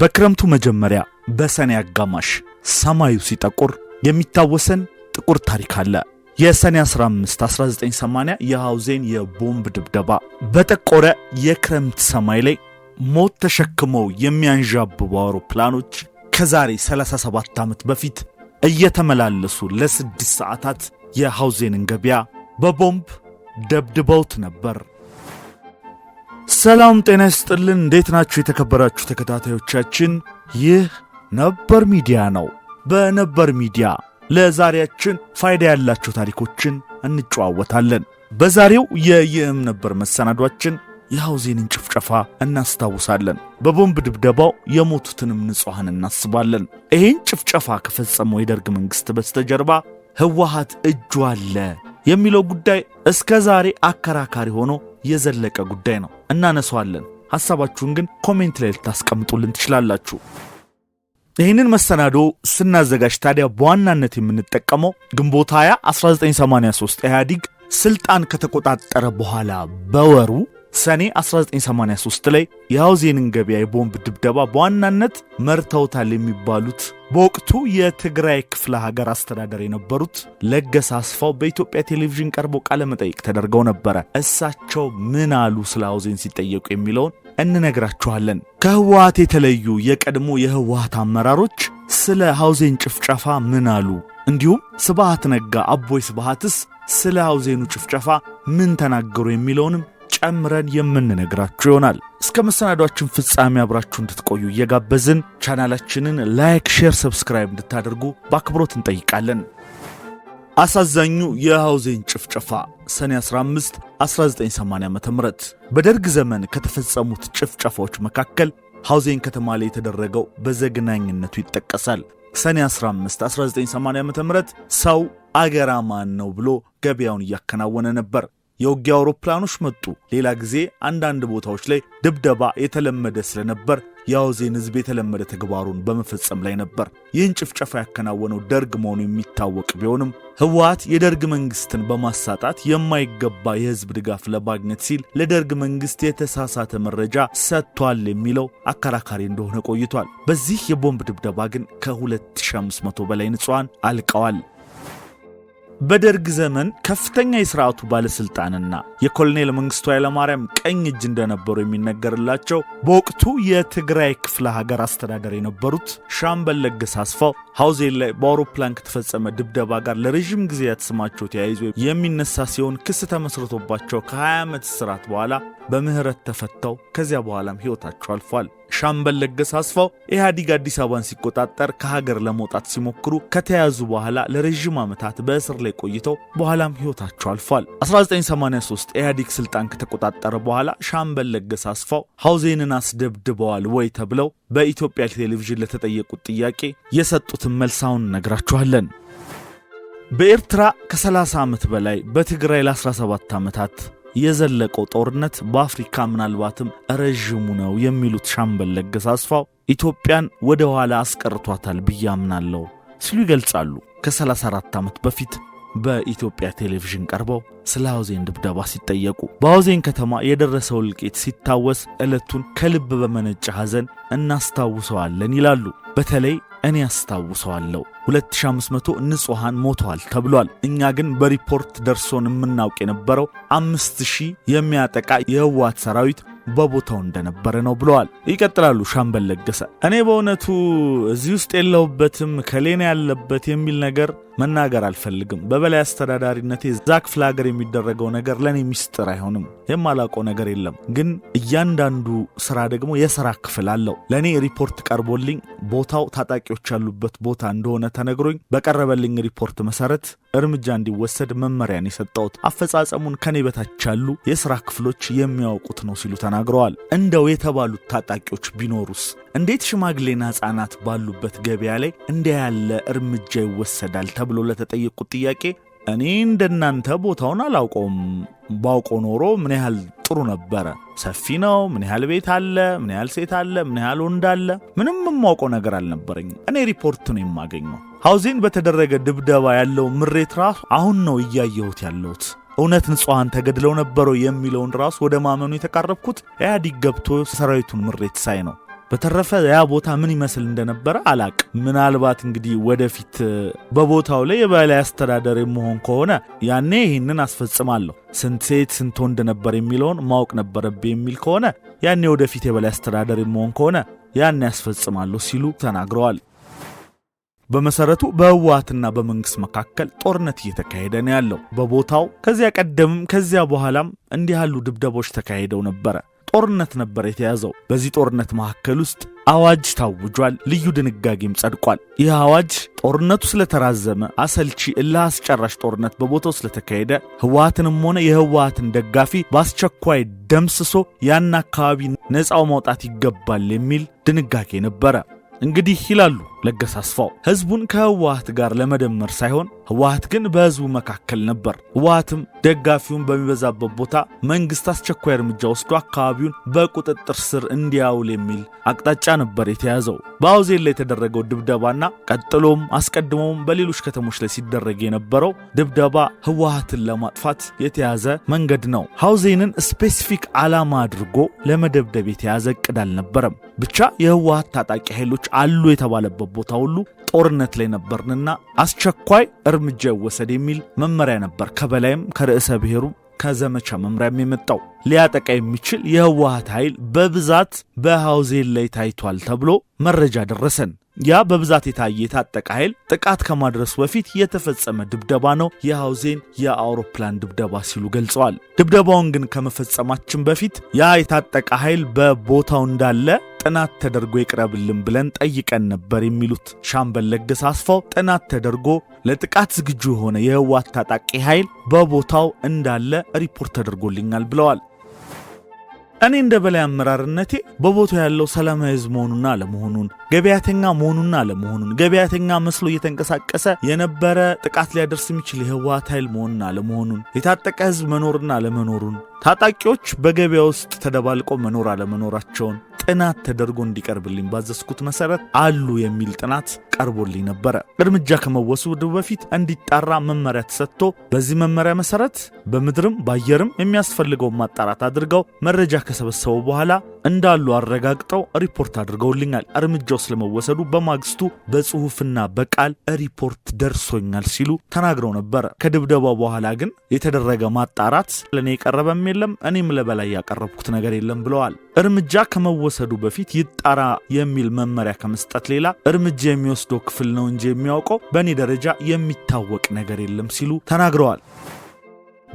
በክረምቱ መጀመሪያ በሰኔ አጋማሽ ሰማዩ ሲጠቁር የሚታወሰን ጥቁር ታሪክ አለ። የሰኔ 15 1980 የሐውዜን የቦምብ ድብደባ በጠቆረ የክረምት ሰማይ ላይ ሞት ተሸክመው የሚያንዣብቡ አውሮፕላኖች ከዛሬ 37 ዓመት በፊት እየተመላለሱ ለስድስት ሰዓታት የሐውዜንን ገበያ በቦምብ ደብድበውት ነበር። ሰላም ጤና ይስጥልን። እንዴት ናችሁ የተከበራችሁ ተከታታዮቻችን? ይህ ነበር ሚዲያ ነው። በነበር ሚዲያ ለዛሬያችን ፋይዳ ያላቸው ታሪኮችን እንጨዋወታለን። በዛሬው የይህም ነበር መሰናዷችን የሐውዜንን ጭፍጨፋ እናስታውሳለን። በቦምብ ድብደባው የሞቱትንም ንጹሐን እናስባለን። ይህን ጭፍጨፋ ከፈጸመው የደርግ መንግሥት በስተጀርባ ህወሓት እጁ አለ የሚለው ጉዳይ እስከ ዛሬ አከራካሪ ሆኖ የዘለቀ ጉዳይ ነው፣ እናነሰዋለን ሐሳባችሁን ግን ኮሜንት ላይ ልታስቀምጡልን ትችላላችሁ። ይህንን መሰናዶ ስናዘጋጅ ታዲያ በዋናነት የምንጠቀመው ግንቦት 20 1983 ኢህአዲግ ስልጣን ከተቆጣጠረ በኋላ በወሩ ሰኔ 1983 ላይ የሐውዜንን ገበያ የቦምብ ድብደባ በዋናነት መርተውታል የሚባሉት በወቅቱ የትግራይ ክፍለ ሀገር አስተዳደር የነበሩት ለገሰ አስፋው በኢትዮጵያ ቴሌቪዥን ቀርቦ ቃለ መጠይቅ ተደርገው ነበረ። እሳቸው ምን አሉ ስለ ሐውዜን ሲጠየቁ የሚለውን እንነግራችኋለን። ከህወሀት የተለዩ የቀድሞ የህወሀት አመራሮች ስለ ሐውዜን ጭፍጨፋ ምን አሉ? እንዲሁም ስብሃት ነጋ አቦይ ስብሃትስ ስለ ሐውዜኑ ጭፍጨፋ ምን ተናገሩ? የሚለውንም ጨምረን የምንነግራችሁ ይሆናል። እስከ መሰናዷችን ፍጻሜ አብራችሁ እንድትቆዩ እየጋበዝን ቻናላችንን ላይክ፣ ሼር፣ ሰብስክራይብ እንድታደርጉ በአክብሮት እንጠይቃለን። አሳዛኙ የሐውዜን ጭፍጨፋ ሰኔ 15 1980 ዓ ም በደርግ ዘመን ከተፈጸሙት ጭፍጨፋዎች መካከል ሐውዜን ከተማ ላይ የተደረገው በዘግናኝነቱ ይጠቀሳል። ሰኔ 15 1980 ዓ ም ሰው አገራማን ነው ብሎ ገበያውን እያከናወነ ነበር። የውጊያ አውሮፕላኖች መጡ። ሌላ ጊዜ አንዳንድ ቦታዎች ላይ ድብደባ የተለመደ ስለነበር የአውዜን ህዝብ የተለመደ ተግባሩን በመፈጸም ላይ ነበር። ይህን ጭፍጨፋ ያከናወነው ደርግ መሆኑ የሚታወቅ ቢሆንም ህወሀት የደርግ መንግስትን በማሳጣት የማይገባ የህዝብ ድጋፍ ለማግኘት ሲል ለደርግ መንግስት የተሳሳተ መረጃ ሰጥቷል የሚለው አከራካሪ እንደሆነ ቆይቷል። በዚህ የቦምብ ድብደባ ግን ከ2500 በላይ ንጹሐን አልቀዋል። በደርግ ዘመን ከፍተኛ የሥርዓቱ ባለሥልጣንና የኮሎኔል መንግሥቱ ኃይለማርያም ቀኝ እጅ እንደነበሩ የሚነገርላቸው በወቅቱ የትግራይ ክፍለ ሀገር አስተዳደር የነበሩት ሻምበል ለገሰ አስፋው ሐውዜን ላይ በአውሮፕላን ከተፈጸመ ድብደባ ጋር ለረዥም ጊዜያት ስማቸው ተያይዞ የሚነሳ ሲሆን ክስ ተመስርቶባቸው ከ20 ዓመት እስራት በኋላ በምህረት ተፈተው ከዚያ በኋላም ሕይወታቸው አልፏል። ሻምበል ለገሰ አስፋው ኢህአዲግ አዲስ አበባን ሲቆጣጠር ከሀገር ለመውጣት ሲሞክሩ ከተያዙ በኋላ ለረዥም ዓመታት በእስር ላይ ቆይተው በኋላም ሕይወታቸው አልፏል። 1983 ኢህአዲግ ስልጣን ከተቆጣጠረ በኋላ ሻምበል ለገሰ አስፋው ሀውዜንን አስደብድበዋል ወይ ተብለው በኢትዮጵያ ቴሌቪዥን ለተጠየቁት ጥያቄ የሰጡትን መልሳውን ነግራችኋለን። በኤርትራ ከ30 ዓመት በላይ በትግራይ ለ17 ዓመታት የዘለቀው ጦርነት በአፍሪካ ምናልባትም ረዥሙ ነው የሚሉት ሻምበል ለገሰ አስፋው ኢትዮጵያን ወደ ኋላ አስቀርቷታል ብዬ አምናለሁ ሲሉ ይገልጻሉ። ከ34 ዓመት በፊት በኢትዮጵያ ቴሌቪዥን ቀርበው ስለ አውዜን ድብደባ ሲጠየቁ በአውዜን ከተማ የደረሰው እልቂት ሲታወስ ዕለቱን ከልብ በመነጨ ሐዘን እናስታውሰዋለን ይላሉ። በተለይ እኔ አስታውሰዋለሁ። 2500 ንጹሐን ሞተዋል ተብሏል። እኛ ግን በሪፖርት ደርሶን የምናውቅ የነበረው 5000 የሚያጠቃ የህወሓት ሰራዊት በቦታው እንደነበረ ነው ብለዋል። ይቀጥላሉ ሻምበል ለገሰ። እኔ በእውነቱ እዚህ ውስጥ የለሁበትም ከሌና ያለበት የሚል ነገር መናገር አልፈልግም። በበላይ አስተዳዳሪነቴ እዛ ክፍለ ሀገር የሚደረገው ነገር ለእኔ ሚስጥር አይሆንም። የማላውቀው ነገር የለም። ግን እያንዳንዱ ስራ ደግሞ የስራ ክፍል አለው። ለእኔ ሪፖርት ቀርቦልኝ ቦታው ታጣቂዎች ያሉበት ቦታ እንደሆነ ተነግሮኝ በቀረበልኝ ሪፖርት መሰረት እርምጃ እንዲወሰድ መመሪያን የሰጠሁት አፈጻጸሙን ከኔ በታች ያሉ የስራ ክፍሎች የሚያውቁት ነው ሲሉ ተናግረዋል። እንደው የተባሉት ታጣቂዎች ቢኖሩስ እንዴት ሽማግሌና ህጻናት ባሉበት ገበያ ላይ እንዲያ ያለ እርምጃ ይወሰዳል? ተብሎ ለተጠየቁት ጥያቄ እኔ እንደናንተ ቦታውን አላውቀውም፣ ባውቆ ኖሮ ምን ያህል ጥሩ ነበረ፣ ሰፊ ነው፣ ምን ያህል ቤት አለ፣ ምን ያህል ሴት አለ፣ ምን ያህል ወንድ አለ፣ ምንም የማውቀው ነገር አልነበረኝም። እኔ ሪፖርት ነው የማገኘው። ሀውዜን በተደረገ ድብደባ ያለው ምሬት ራሱ አሁን ነው እያየሁት ያለሁት። እውነት ንጹሐን ተገድለው ነበረው የሚለውን ራሱ ወደ ማመኑ የተቃረብኩት ኢህአዲግ ገብቶ ሰራዊቱን ምሬት ሳይ ነው። በተረፈ ያ ቦታ ምን ይመስል እንደነበረ አላቅ። ምናልባት እንግዲህ ወደፊት በቦታው ላይ የበላይ አስተዳደር የመሆን ከሆነ ያኔ ይህንን አስፈጽማለሁ፣ ስንት ሴት ስንት ወንድ ነበር የሚለውን ማወቅ ነበረብኝ የሚል ከሆነ ያኔ ወደፊት የበላይ አስተዳደር የመሆን ከሆነ ያኔ ያስፈጽማለሁ ሲሉ ተናግረዋል። በመሰረቱ በህወሓትና በመንግስት መካከል ጦርነት እየተካሄደ ነው ያለው በቦታው። ከዚያ ቀደምም ከዚያ በኋላም እንዲህ ያሉ ድብደቦች ተካሄደው ነበረ። ጦርነት ነበር የተያዘው። በዚህ ጦርነት መካከል ውስጥ አዋጅ ታውጇል። ልዩ ድንጋጌም ጸድቋል። ይህ አዋጅ ጦርነቱ ስለተራዘመ አሰልቺ እልህ አስጨራሽ ጦርነት በቦታው ስለተካሄደ ህወሀትንም ሆነ የህወሀትን ደጋፊ በአስቸኳይ ደምስሶ ያን አካባቢ ነፃው ማውጣት ይገባል የሚል ድንጋጌ ነበረ። እንግዲህ ይላሉ ለገሳስፋው አስፋው ህዝቡን ከህወሀት ጋር ለመደመር ሳይሆን ህወሀት ግን በህዝቡ መካከል ነበር። ህወሀትም ደጋፊውን በሚበዛበት ቦታ መንግስት አስቸኳይ እርምጃ ወስዶ አካባቢውን በቁጥጥር ስር እንዲያውል የሚል አቅጣጫ ነበር የተያዘው። በአውዜን ላይ የተደረገው ድብደባና ቀጥሎም አስቀድሞም በሌሎች ከተሞች ላይ ሲደረግ የነበረው ድብደባ ህወሀትን ለማጥፋት የተያዘ መንገድ ነው። ሀውዜንን ስፔሲፊክ ዓላማ አድርጎ ለመደብደብ የተያዘ እቅድ አልነበረም። ብቻ የህወሀት ታጣቂ ኃይሎች አሉ የተባለበት ቦታ ሁሉ ጦርነት ላይ ነበርንና አስቸኳይ እርምጃ ይወሰድ የሚል መመሪያ ነበር ከበላይም ከርዕሰ ብሔሩ ከዘመቻ መምሪያም የመጣው ሊያጠቃ የሚችል የህወሀት ኃይል በብዛት በሐውዜን ላይ ታይቷል ተብሎ መረጃ ደረሰን። ያ በብዛት የታየ የታጠቀ ኃይል ጥቃት ከማድረሱ በፊት የተፈጸመ ድብደባ ነው የሐውዜን የአውሮፕላን ድብደባ ሲሉ ገልጸዋል። ድብደባውን ግን ከመፈጸማችን በፊት ያ የታጠቀ ኃይል በቦታው እንዳለ ጥናት ተደርጎ ይቅረብልን ብለን ጠይቀን ነበር የሚሉት ሻምበል ለገሰ አስፋው ጥናት ተደርጎ ለጥቃት ዝግጁ የሆነ የህወሓት ታጣቂ ኃይል በቦታው እንዳለ ሪፖርት ተደርጎልኛል ብለዋል። እኔ እንደ በላይ አመራርነቴ በቦታው ያለው ሰላማዊ ህዝብ መሆኑና አለመሆኑን፣ ገበያተኛ መሆኑና አለመሆኑን፣ ገበያተኛ መስሎ እየተንቀሳቀሰ የነበረ ጥቃት ሊያደርስ የሚችል የህወሓት ኃይል መሆኑና አለመሆኑን፣ የታጠቀ ህዝብ መኖርና አለመኖሩን፣ ታጣቂዎች በገበያ ውስጥ ተደባልቆ መኖር አለመኖራቸውን ጥናት ተደርጎ እንዲቀርብልኝ ባዘዝኩት መሰረት አሉ የሚል ጥናት ቀርቦልኝ ነበረ። እርምጃ ከመወሰዱ በፊት እንዲጣራ መመሪያ ተሰጥቶ በዚህ መመሪያ መሰረት በምድርም በአየርም የሚያስፈልገውን ማጣራት አድርገው መረጃ ከሰበሰቡ በኋላ እንዳሉ አረጋግጠው ሪፖርት አድርገውልኛል። እርምጃው ስለመወሰዱ በማግስቱ በጽሁፍና በቃል ሪፖርት ደርሶኛል ሲሉ ተናግረው ነበረ። ከድብደባው በኋላ ግን የተደረገ ማጣራት ለእኔ የቀረበም የለም እኔም ለበላይ ያቀረብኩት ነገር የለም ብለዋል። እርምጃ ከመወ ከመወሰዱ በፊት ይጣራ የሚል መመሪያ ከመስጠት ሌላ እርምጃ የሚወስደው ክፍል ነው እንጂ የሚያውቀው በእኔ ደረጃ የሚታወቅ ነገር የለም ሲሉ ተናግረዋል።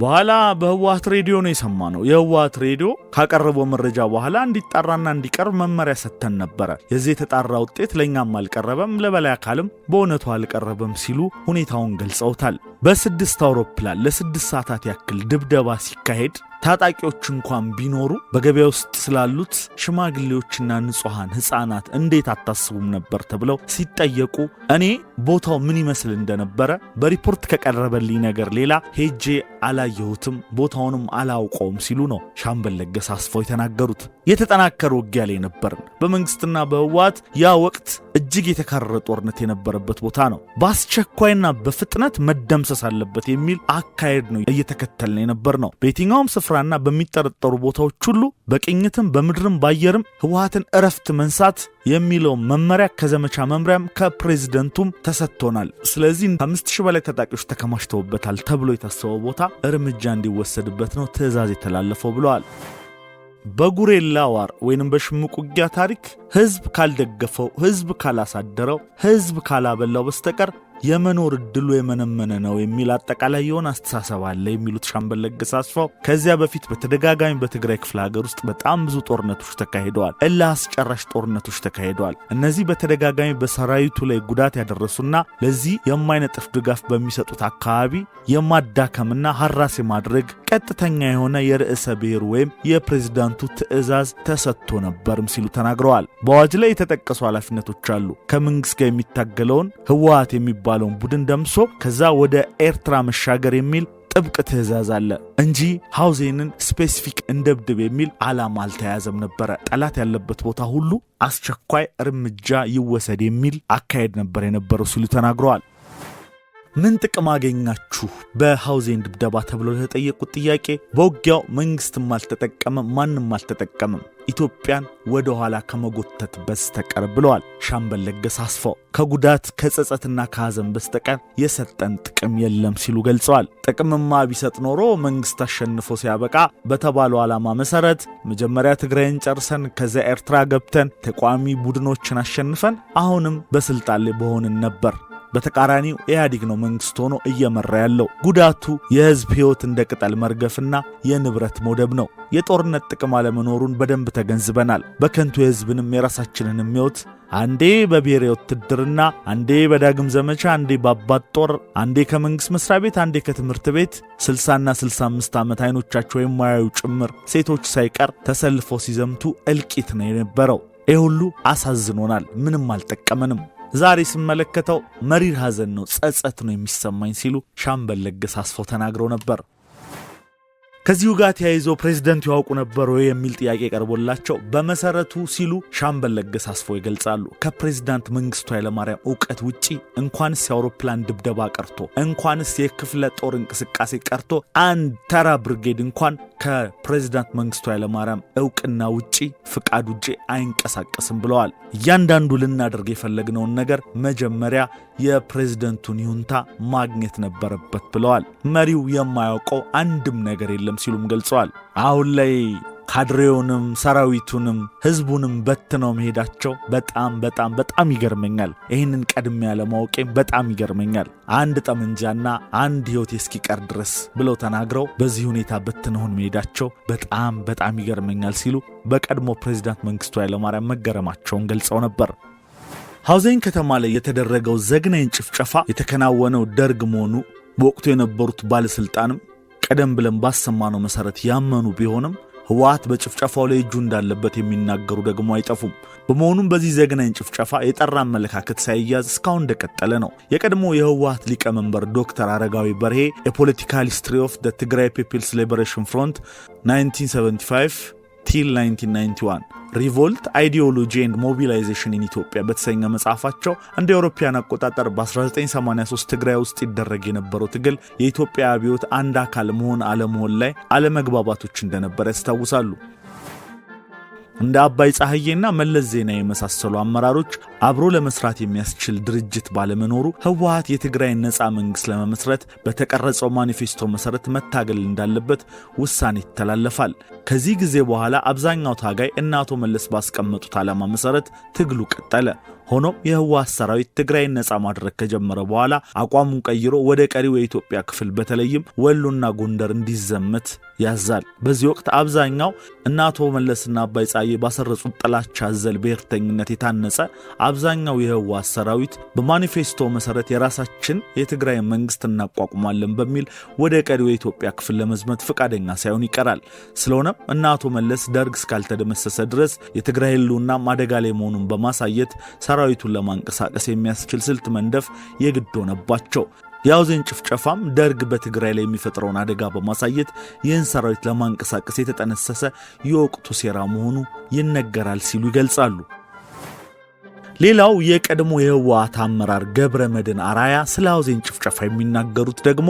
በኋላ በህወሀት ሬዲዮ ነው የሰማ ነው። የህወሀት ሬዲዮ ካቀረበው መረጃ በኋላ እንዲጣራና እንዲቀርብ መመሪያ ሰጥተን ነበረ። የዚህ የተጣራ ውጤት ለእኛም አልቀረበም፣ ለበላይ አካልም በእውነቱ አልቀረበም ሲሉ ሁኔታውን ገልጸውታል። በስድስት አውሮፕላን ለስድስት ሰዓታት ያክል ድብደባ ሲካሄድ ታጣቂዎች እንኳን ቢኖሩ በገበያ ውስጥ ስላሉት ሽማግሌዎችና ንጹሐን ሕፃናት እንዴት አታስቡም ነበር ተብለው ሲጠየቁ እኔ ቦታው ምን ይመስል እንደነበረ በሪፖርት ከቀረበልኝ ነገር ሌላ ሄጄ አላየሁትም፣ ቦታውንም አላውቀውም ሲሉ ነው ሻምበል ለገሰ አስፋው የተናገሩት። የተጠናከረ ውጊያ ላይ ነበርን። በመንግስትና በህወሓት ያ ወቅት እጅግ የተካረረ ጦርነት የነበረበት ቦታ ነው። በአስቸኳይና በፍጥነት መደምሰስ አለበት የሚል አካሄድ ነው እየተከተልን የነበር ነው። በየትኛውም ስፍራና በሚጠረጠሩ ቦታዎች ሁሉ በቅኝትም በምድርም በአየርም ህወሓትን እረፍት መንሳት የሚለው መመሪያ ከዘመቻ መምሪያም ከፕሬዝደንቱም ተሰጥቶናል። ስለዚህ ከአምስት ሺህ በላይ ታጣቂዎች ተከማችተውበታል ተብሎ የታሰበው ቦታ እርምጃ እንዲወሰድበት ነው ትዕዛዝ የተላለፈው ብለዋል። በጉሬላ ዋር ወይንም በሽምቅ ውጊያ ታሪክ ህዝብ ካልደገፈው፣ ህዝብ ካላሳደረው፣ ህዝብ ካላበላው በስተቀር የመኖር እድሉ የመነመነ ነው የሚል አጠቃላይ የሆነ አስተሳሰብ አለ የሚሉት ሻምበል ለገሰ አስፋው ከዚያ በፊት በተደጋጋሚ በትግራይ ክፍለ ሀገር ውስጥ በጣም ብዙ ጦርነቶች ተካሂደዋል። እልህ አስጨራሽ ጦርነቶች ተካሂደዋል። እነዚህ በተደጋጋሚ በሰራዊቱ ላይ ጉዳት ያደረሱና ለዚህ የማይነጥፍ ድጋፍ በሚሰጡት አካባቢ የማዳከምና ሀራስ የማድረግ ቀጥተኛ የሆነ የርዕሰ ብሔር ወይም የፕሬዝዳንቱ ትዕዛዝ ተሰጥቶ ነበርም ሲሉ ተናግረዋል። በአዋጅ ላይ የተጠቀሱ ኃላፊነቶች አሉ። ከመንግስት ጋር የሚታገለውን ህወሀት የሚባ የሚባለውን ቡድን ደምሶ ከዛ ወደ ኤርትራ መሻገር የሚል ጥብቅ ትእዛዝ አለ እንጂ ሀውዜንን ስፔሲፊክ እንደብድብ የሚል ዓላማ አልተያዘም ነበረ። ጠላት ያለበት ቦታ ሁሉ አስቸኳይ እርምጃ ይወሰድ የሚል አካሄድ ነበር የነበረው ሲሉ ተናግረዋል። ምን ጥቅም አገኛችሁ በሃውዜን ድብደባ ተብለው ለተጠየቁት ጥያቄ በውጊያው መንግስትም አልተጠቀመም፣ ማንም አልተጠቀምም ኢትዮጵያን ወደ ኋላ ከመጎተት በስተቀር ብለዋል ሻምበል ለገሰ አስፋው። ከጉዳት ከጸጸትና ከሐዘን በስተቀር የሰጠን ጥቅም የለም ሲሉ ገልጸዋል። ጥቅምማ ቢሰጥ ኖሮ መንግስት አሸንፎ ሲያበቃ በተባለው ዓላማ መሰረት መጀመሪያ ትግራይን ጨርሰን ከዚያ ኤርትራ ገብተን ተቋሚ ቡድኖችን አሸንፈን አሁንም በስልጣን ላይ በሆንን ነበር በተቃራኒው ኢህአዲግ ነው መንግስት ሆኖ እየመራ ያለው። ጉዳቱ የህዝብ ህይወት እንደ ቅጠል መርገፍና የንብረት መውደብ ነው። የጦርነት ጥቅም አለመኖሩን በደንብ ተገንዝበናል። በከንቱ የህዝብንም የራሳችንንም ህይወት አንዴ በብሔር ውትድርና፣ አንዴ በዳግም ዘመቻ፣ አንዴ በአባት ጦር፣ አንዴ ከመንግሥት መስሪያ ቤት፣ አንዴ ከትምህርት ቤት 60ና 65 ዓመት አይኖቻቸው የማያዩ ጭምር ሴቶች ሳይቀር ተሰልፈው ሲዘምቱ እልቂት ነው የነበረው። ይህ ሁሉ አሳዝኖናል። ምንም አልጠቀመንም። ዛሬ ስመለከተው መሪር ሐዘን ነው፣ ጸጸት ነው የሚሰማኝ ሲሉ ሻምበል ለገሰ አስፋው ተናግረው ነበር። ከዚሁ ጋር ተያይዞ ፕሬዝደንቱ ያውቁ ነበር ወይ የሚል ጥያቄ ቀርቦላቸው በመሰረቱ ሲሉ ሻምበል ለገሰ አስፋው ይገልጻሉ። ከፕሬዝዳንት መንግስቱ ኃይለማርያም እውቀት ውጪ እንኳንስ የአውሮፕላን ድብደባ ቀርቶ እንኳንስ የክፍለ ጦር እንቅስቃሴ ቀርቶ አንድ ተራ ብርጌድ እንኳን ከፕሬዚዳንት መንግስቱ ኃይለማርያም እውቅና ውጪ ፍቃድ ውጪ አይንቀሳቀስም ብለዋል። እያንዳንዱ ልናደርግ የፈለግነውን ነገር መጀመሪያ የፕሬዚደንቱን ይሁንታ ማግኘት ነበረበት ብለዋል። መሪው የማያውቀው አንድም ነገር የለም ሲሉም ገልጸዋል። አሁን ላይ ካድሬውንም ሰራዊቱንም ህዝቡንም በትነው መሄዳቸው በጣም በጣም በጣም ይገርመኛል። ይህንን ቀድሜ ያለማወቄም በጣም ይገርመኛል። አንድ ጠመንጃና አንድ ህይወት እስኪቀር ድረስ ብለው ተናግረው በዚህ ሁኔታ በትነውን መሄዳቸው በጣም በጣም ይገርመኛል ሲሉ በቀድሞ ፕሬዚዳንት መንግስቱ ኃይለማርያም መገረማቸውን ገልጸው ነበር። ሐውዜን ከተማ ላይ የተደረገው ዘግናኝ ጭፍጨፋ የተከናወነው ደርግ መሆኑ በወቅቱ የነበሩት ባለሥልጣንም ቀደም ብለን ባሰማነው መሠረት ያመኑ ቢሆንም ህወሓት በጭፍጨፋው ላይ እጁ እንዳለበት የሚናገሩ ደግሞ አይጠፉም። በመሆኑም በዚህ ዘግናኝ ጭፍጨፋ የጠራ አመለካከት ሳይያዝ እስካሁን እንደቀጠለ ነው። የቀድሞ የህወሓት ሊቀመንበር ዶክተር አረጋዊ በርሄ የፖለቲካል ሂስትሪ ኦፍ ትግራይ ፒፕልስ ሊበሬሽን ፍሮንት 1975 ቲል 1991 ሪቮልት አይዲዮሎጂ ኤንድ ሞቢላይዜሽን ኢን ኢትዮጵያ በተሰኘ መጽሐፋቸው እንደ አውሮፓውያን አቆጣጠር በ1983 ትግራይ ውስጥ ይደረግ የነበረው ትግል የኢትዮጵያ አብዮት አንድ አካል መሆን አለመሆን ላይ አለመግባባቶች እንደነበር ያስታውሳሉ። እንደ አባይ ፀሐዬና መለስ ዜና የመሳሰሉ አመራሮች አብሮ ለመስራት የሚያስችል ድርጅት ባለመኖሩ ህወሀት የትግራይን ነፃ መንግስት ለመመስረት በተቀረጸው ማኒፌስቶ መሰረት መታገል እንዳለበት ውሳኔ ይተላለፋል። ከዚህ ጊዜ በኋላ አብዛኛው ታጋይ እናቶ አቶ መለስ ባስቀመጡት ዓላማ መሰረት ትግሉ ቀጠለ። ሆኖም የህወሓት ሰራዊት ትግራይን ነፃ ማድረግ ከጀመረ በኋላ አቋሙን ቀይሮ ወደ ቀሪው የኢትዮጵያ ክፍል በተለይም ወሎና ጎንደር እንዲዘመት ያዛል። በዚህ ወቅት አብዛኛው እነ አቶ መለስና አባይ ጸሐዬ ባሰረጹት ጥላቻ አዘል ብሔርተኝነት የታነጸ አብዛኛው የህወሓት ሰራዊት በማኒፌስቶ መሰረት የራሳችን የትግራይ መንግስት እናቋቁማለን በሚል ወደ ቀሪው የኢትዮጵያ ክፍል ለመዝመት ፈቃደኛ ሳይሆን ይቀራል። ስለሆነም እነ አቶ መለስ ደርግ እስካልተደመሰሰ ድረስ የትግራይ ህልውና አደጋ ላይ መሆኑን በማሳየት ሰራዊቱን ለማንቀሳቀስ የሚያስችል ስልት መንደፍ የግድ ሆነባቸው። የአውዜን ጭፍጨፋም ደርግ በትግራይ ላይ የሚፈጥረውን አደጋ በማሳየት ይህን ሰራዊት ለማንቀሳቀስ የተጠነሰሰ የወቅቱ ሴራ መሆኑ ይነገራል ሲሉ ይገልጻሉ። ሌላው የቀድሞ የህወሓት አመራር ገብረ መድን አራያ ስለ አውዜን ጭፍጨፋ የሚናገሩት ደግሞ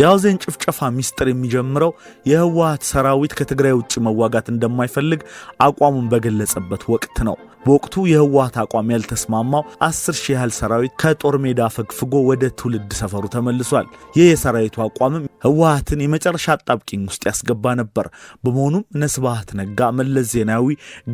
የአውዜን ጭፍጨፋ ሚስጥር የሚጀምረው የህወሓት ሰራዊት ከትግራይ ውጭ መዋጋት እንደማይፈልግ አቋሙን በገለጸበት ወቅት ነው። በወቅቱ የህወሓት አቋም ያልተስማማው አስር ሺህ ያህል ሰራዊት ከጦር ሜዳ ፈግፍጎ ወደ ትውልድ ሰፈሩ ተመልሷል። ይህ የሰራዊቱ አቋምም ህወሀትን የመጨረሻ አጣብቂኝ ውስጥ ያስገባ ነበር። በመሆኑም እነ ስብሃት ነጋ፣ መለስ ዜናዊ፣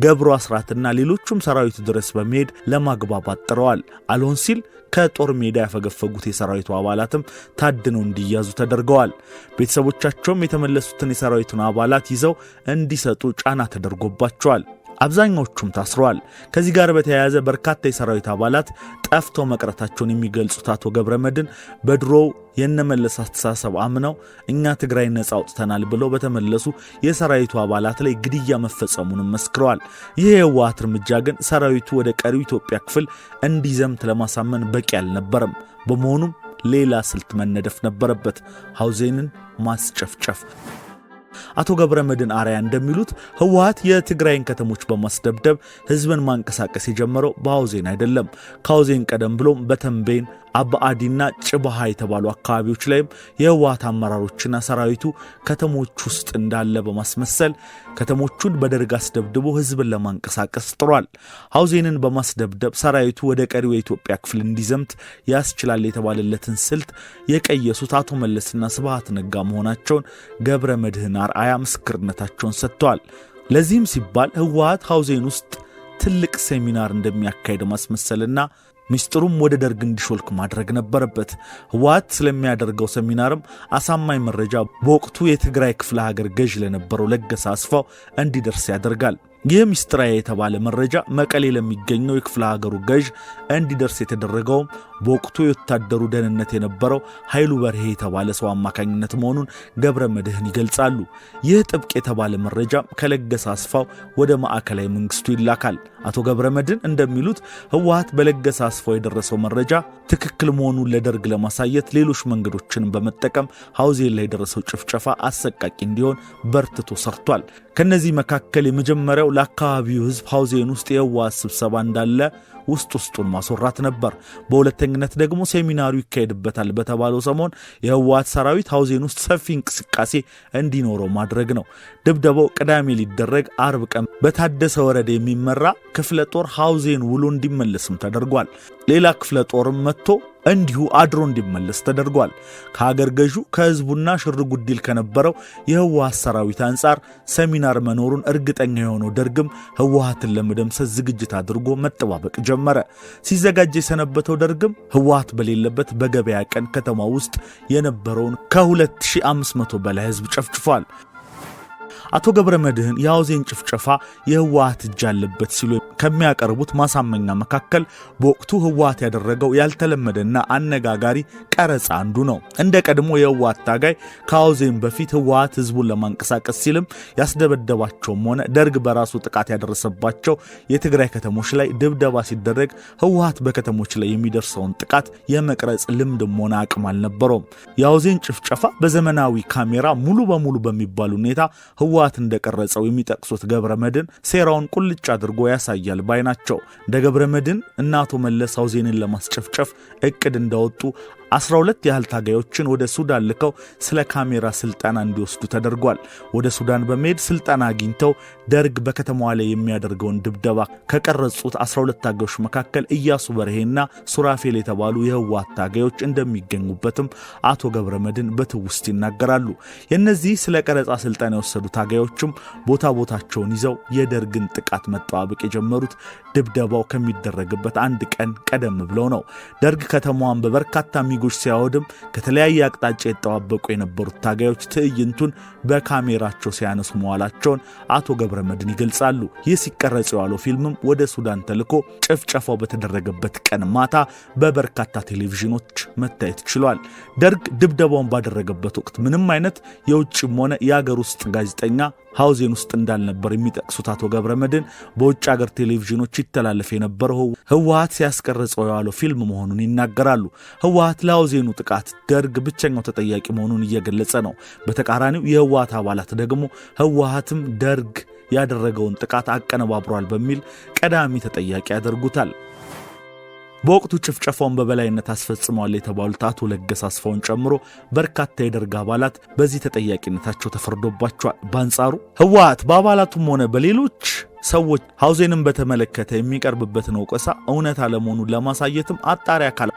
ገብሩ አስራትና ሌሎቹም ሰራዊቱ ድረስ በመሄድ ለማግባባት ጥረዋል። አልሆን ሲል ከጦር ሜዳ ያፈገፈጉት የሰራዊቱ አባላትም ታድነው እንዲያዙ ተደርገዋል። ቤተሰቦቻቸውም የተመለሱትን የሰራዊቱን አባላት ይዘው እንዲሰጡ ጫና ተደርጎባቸዋል። አብዛኛዎቹም ታስረዋል። ከዚህ ጋር በተያያዘ በርካታ የሰራዊት አባላት ጠፍቶ መቅረታቸውን የሚገልጹት አቶ ገብረ መድን በድሮው የነመለስ አስተሳሰብ አምነው እኛ ትግራይ ነጻ አውጥተናል ብለው በተመለሱ የሰራዊቱ አባላት ላይ ግድያ መፈጸሙንም መስክረዋል። ይህ የህወሓት እርምጃ ግን ሰራዊቱ ወደ ቀሪው ኢትዮጵያ ክፍል እንዲዘምት ለማሳመን በቂ አልነበረም። በመሆኑም ሌላ ስልት መነደፍ ነበረበት፣ ሐውዜንን ማስጨፍጨፍ አቶ ገብረ መድን አርያ እንደሚሉት ህወሀት የትግራይን ከተሞች በማስደብደብ ህዝብን ማንቀሳቀስ የጀመረው በአውዜን አይደለም። ከአውዜን ቀደም ብሎም በተንቤን አባአዲና ጭባሃ የተባሉ አካባቢዎች ላይም የህወሓት አመራሮችና ሰራዊቱ ከተሞች ውስጥ እንዳለ በማስመሰል ከተሞቹን በደርግ አስደብድቦ ህዝብን ለማንቀሳቀስ ጥሯል። ሐውዜንን በማስደብደብ ሰራዊቱ ወደ ቀሪው የኢትዮጵያ ክፍል እንዲዘምት ያስችላል የተባለለትን ስልት የቀየሱት አቶ መለስና ስብሃት ነጋ መሆናቸውን ገብረ መድህን አርአያ ምስክርነታቸውን ሰጥተዋል። ለዚህም ሲባል ህወሓት ሐውዜን ውስጥ ትልቅ ሴሚናር እንደሚያካሄድ ማስመሰልና ሚስጥሩም ወደ ደርግ እንዲሾልክ ማድረግ ነበረበት። ህወሓት ስለሚያደርገው ሰሚናርም አሳማኝ መረጃ በወቅቱ የትግራይ ክፍለ ሀገር ገዥ ለነበረው ለገሰ አስፋው እንዲደርስ ያደርጋል። ይህ ሚስጥራዊ የተባለ መረጃ መቀሌ ለሚገኘው የክፍለ ሀገሩ ገዥ እንዲደርስ የተደረገውም በወቅቱ የወታደሩ ደህንነት የነበረው ኃይሉ በርሄ የተባለ ሰው አማካኝነት መሆኑን ገብረ መድህን ይገልጻሉ። ይህ ጥብቅ የተባለ መረጃም ከለገሰ አስፋው ወደ ማዕከላዊ መንግስቱ ይላካል። አቶ ገብረ መድን እንደሚሉት ህወሀት በለገሰ አስፋው የደረሰው መረጃ ትክክል መሆኑን ለደርግ ለማሳየት ሌሎች መንገዶችን በመጠቀም ሀውዜን ላይ የደረሰው ጭፍጨፋ አሰቃቂ እንዲሆን በርትቶ ሰርቷል። ከነዚህ መካከል የመጀመሪያው ለአካባቢው ህዝብ ሀውዜን ውስጥ የህወሀት ስብሰባ እንዳለ ውስጥ ውስጡን ማስወራት ነበር። በሁለተኝነት ደግሞ ሴሚናሩ ይካሄድበታል በተባለው ሰሞን የህወሓት ሰራዊት ሀውዜን ውስጥ ሰፊ እንቅስቃሴ እንዲኖረው ማድረግ ነው። ድብደባው ቅዳሜ ሊደረግ አርብ ቀን በታደሰ ወረደ የሚመራ ክፍለ ጦር ሀውዜን ውሎ እንዲመለስም ተደርጓል። ሌላ ክፍለ ጦርም መጥቶ እንዲሁ አድሮ እንዲመለስ ተደርጓል። ከአገር ገዡ ከህዝቡና ሽር ጉዲል ከነበረው የህወሀት ሰራዊት አንጻር ሰሚናር መኖሩን እርግጠኛ የሆነው ደርግም ህወሀትን ለመደምሰስ ዝግጅት አድርጎ መጠባበቅ ጀመረ። ሲዘጋጅ የሰነበተው ደርግም ህወሀት በሌለበት በገበያ ቀን ከተማ ውስጥ የነበረውን ከ2500 በላይ ህዝብ ጨፍጭፏል። አቶ ገብረ መድህን የአውዜን ጭፍጨፋ የህወሀት እጅ አለበት ሲሉ ከሚያቀርቡት ማሳመኛ መካከል በወቅቱ ህወሀት ያደረገው ያልተለመደና አነጋጋሪ ቀረጻ አንዱ ነው። እንደ ቀድሞ የህወሀት ታጋይ ከአውዜን በፊት ህወሀት ህዝቡን ለማንቀሳቀስ ሲልም ያስደበደባቸውም ሆነ ደርግ በራሱ ጥቃት ያደረሰባቸው የትግራይ ከተሞች ላይ ድብደባ ሲደረግ ህወሀት በከተሞች ላይ የሚደርሰውን ጥቃት የመቅረጽ ልምድም ሆነ አቅም አልነበረውም። የአውዜን ጭፍጨፋ በዘመናዊ ካሜራ ሙሉ በሙሉ በሚባል ሁኔታ ህወሓት እንደቀረጸው የሚጠቅሱት ገብረ መድን ሴራውን ቁልጭ አድርጎ ያሳያል ባይ ናቸው። እንደ ገብረ መድን እና አቶ መለስ አውዜንን ለማስጨፍጨፍ እቅድ እንዳወጡ 12 ያህል ታጋዮችን ወደ ሱዳን ልከው ስለ ካሜራ ስልጠና እንዲወስዱ ተደርጓል። ወደ ሱዳን በመሄድ ስልጠና አግኝተው ደርግ በከተማዋ ላይ የሚያደርገውን ድብደባ ከቀረጹት 12 ታጋዮች መካከል እያሱ በርሄና ሱራፌል የተባሉ የህወሓት ታጋዮች እንደሚገኙበትም አቶ ገብረ መድን በትውስት ይናገራሉ። የእነዚህ ስለ ቀረጻ ስልጠና የወሰዱ ታጋዮቹም ቦታ ቦታቸውን ይዘው የደርግን ጥቃት መጠባበቅ የጀመሩት ድብደባው ከሚደረግበት አንድ ቀን ቀደም ብለው ነው። ደርግ ከተማዋን በበርካታ ሚጎች ሲያወድም ከተለያየ አቅጣጫ የተጠባበቁ የነበሩት ታጋዮች ትዕይንቱን በካሜራቸው ሲያነሱ መዋላቸውን አቶ ገብረ መድን ይገልጻሉ። ይህ ሲቀረጽ የዋለው ፊልምም ወደ ሱዳን ተልኮ ጭፍጨፋው በተደረገበት ቀን ማታ በበርካታ ቴሌቪዥኖች መታየት ችሏል። ደርግ ድብደባውን ባደረገበት ወቅት ምንም አይነት የውጭም ሆነ የአገር ውስጥ ጋዜጠኛ ጋዜጠኛ ሃውዜን ውስጥ እንዳልነበር የሚጠቅሱት አቶ ገብረ መድን በውጭ አገር ቴሌቪዥኖች ይተላለፍ የነበረው ህወሀት ሲያስቀረጸው የዋለው ፊልም መሆኑን ይናገራሉ። ህወሀት ለሀውዜኑ ጥቃት ደርግ ብቸኛው ተጠያቂ መሆኑን እየገለጸ ነው። በተቃራኒው የህወሀት አባላት ደግሞ ህወሀትም ደርግ ያደረገውን ጥቃት አቀነባብሯል በሚል ቀዳሚ ተጠያቂ ያደርጉታል። በወቅቱ ጭፍጨፋውን በበላይነት አስፈጽመዋል የተባሉት አቶ ለገሰ አስፋውን ጨምሮ በርካታ የደርግ አባላት በዚህ ተጠያቂነታቸው ተፈርዶባቸዋል። በአንጻሩ ህወሓት በአባላቱም ሆነ በሌሎች ሰዎች ሀውዜንም በተመለከተ የሚቀርብበትን ወቀሳ እውነት አለመሆኑን ለማሳየትም አጣሪ አካል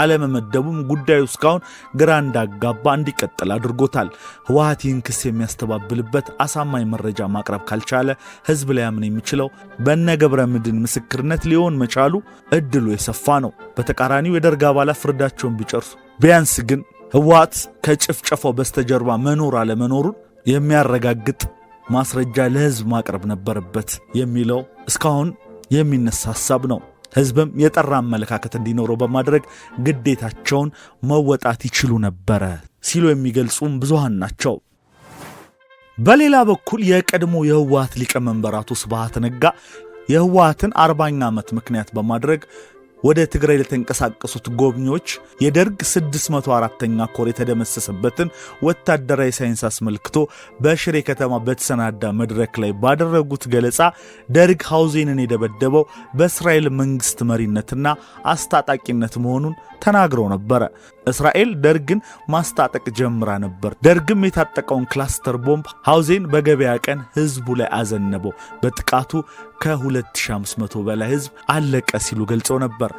አለመመደቡም ጉዳዩ እስካሁን ግራ እንዳጋባ እንዲቀጥል አድርጎታል። ህወሀት ይህን ክስ የሚያስተባብልበት አሳማኝ መረጃ ማቅረብ ካልቻለ ህዝብ ሊያምን የሚችለው በነ ገብረ ምድን ምስክርነት ሊሆን መቻሉ እድሉ የሰፋ ነው። በተቃራኒው የደርግ አባላት ፍርዳቸውን ቢጨርሱ ቢያንስ ግን ህወሀት ከጭፍጨፋው በስተጀርባ መኖር አለመኖሩን የሚያረጋግጥ ማስረጃ ለህዝብ ማቅረብ ነበረበት የሚለው እስካሁን የሚነሳ ሀሳብ ነው። ህዝብም የጠራ አመለካከት እንዲኖረው በማድረግ ግዴታቸውን መወጣት ይችሉ ነበረ ሲሉ የሚገልጹም ብዙሃን ናቸው። በሌላ በኩል የቀድሞ የህወሀት ሊቀመንበር አቶ ስብሃት ነጋ የህወሀትን አርባኛ ዓመት ምክንያት በማድረግ ወደ ትግራይ ለተንቀሳቀሱት ጎብኚዎች የደርግ 604ኛ ኮር የተደመሰሰበትን ወታደራዊ ሳይንስ አስመልክቶ በሽሬ ከተማ በተሰናዳ መድረክ ላይ ባደረጉት ገለጻ ደርግ ሐውዜንን የደበደበው በእስራኤል መንግሥት መሪነትና አስታጣቂነት መሆኑን ተናግረው ነበረ። እስራኤል ደርግን ማስታጠቅ ጀምራ ነበር። ደርግም የታጠቀውን ክላስተር ቦምብ ሐውዜን በገበያ ቀን ሕዝቡ ላይ አዘነበው። በጥቃቱ ከ2500 በላይ ህዝብ አለቀ ሲሉ ገልጸው ነበር።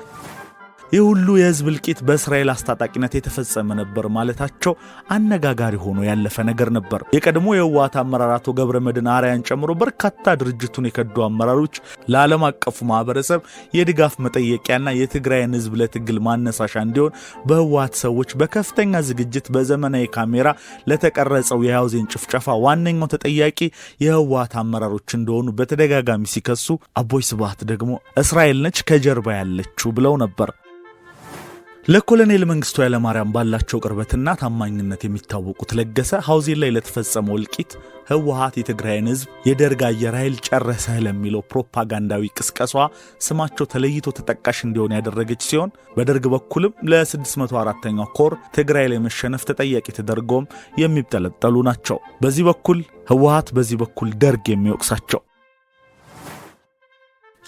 ይህ ሁሉ የህዝብ እልቂት በእስራኤል አስታጣቂነት የተፈጸመ ነበር ማለታቸው አነጋጋሪ ሆኖ ያለፈ ነገር ነበር። የቀድሞ የህወሓት አመራር አቶ ገብረ መድን አርያን ጨምሮ በርካታ ድርጅቱን የከዱ አመራሮች ለዓለም አቀፉ ማህበረሰብ የድጋፍ መጠየቂያና የትግራይን ህዝብ ለትግል ማነሳሻ እንዲሆን በህወሓት ሰዎች በከፍተኛ ዝግጅት በዘመናዊ ካሜራ ለተቀረጸው የያውዜን ጭፍጨፋ ዋነኛው ተጠያቂ የህወሓት አመራሮች እንደሆኑ በተደጋጋሚ ሲከሱ፣ አቦይ ስባት ደግሞ እስራኤል ነች ከጀርባ ያለችው ብለው ነበር። ለኮሎኔል መንግስቱ ኃይለማርያም ባላቸው ቅርበትና ታማኝነት የሚታወቁት ለገሰ ሐውዜን ላይ ለተፈጸመው እልቂት ህወሀት የትግራይን ህዝብ የደርግ አየር ኃይል ጨረሰ ለሚለው ፕሮፓጋንዳዊ ቅስቀሷ ስማቸው ተለይቶ ተጠቃሽ እንዲሆን ያደረገች ሲሆን በደርግ በኩልም ለ604ኛው ኮር ትግራይ ላይ መሸነፍ ተጠያቂ ተደርጎም የሚጠለጠሉ ናቸው። በዚህ በኩል ህወሀት፣ በዚህ በኩል ደርግ የሚወቅሳቸው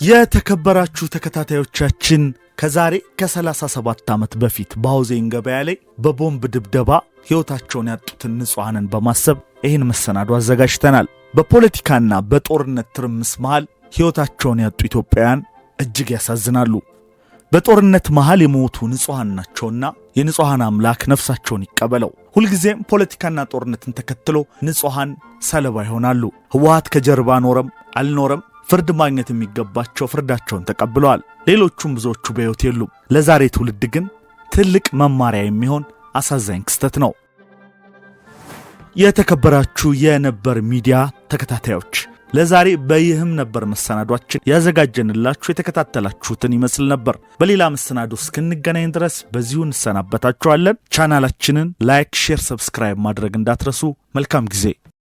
የተከበራችሁ ተከታታዮቻችን ከዛሬ ከ37 ዓመት በፊት በአውዜን ገበያ ላይ በቦምብ ድብደባ ሕይወታቸውን ያጡትን ንጹሐንን በማሰብ ይህን መሰናዶ አዘጋጅተናል። በፖለቲካና በጦርነት ትርምስ መሃል ሕይወታቸውን ያጡ ኢትዮጵያውያን እጅግ ያሳዝናሉ። በጦርነት መሃል የሞቱ ንጹሐን ናቸውና የንጹሐን አምላክ ነፍሳቸውን ይቀበለው። ሁልጊዜም ፖለቲካና ጦርነትን ተከትሎ ንጹሐን ሰለባ ይሆናሉ። ህወሀት ከጀርባ ኖረም አልኖረም ፍርድ ማግኘት የሚገባቸው ፍርዳቸውን ተቀብለዋል። ሌሎቹም ብዙዎቹ በሕይወት የሉም። ለዛሬ ትውልድ ግን ትልቅ መማሪያ የሚሆን አሳዛኝ ክስተት ነው። የተከበራችሁ የነበር ሚዲያ ተከታታዮች ለዛሬ በይህም ነበር መሰናዷችን ያዘጋጀንላችሁ የተከታተላችሁትን ይመስል ነበር። በሌላ መሰናዶ እስክንገናኝ ድረስ በዚሁ እንሰናበታችኋለን። ቻናላችንን ላይክ፣ ሼር፣ ሰብስክራይብ ማድረግ እንዳትረሱ። መልካም ጊዜ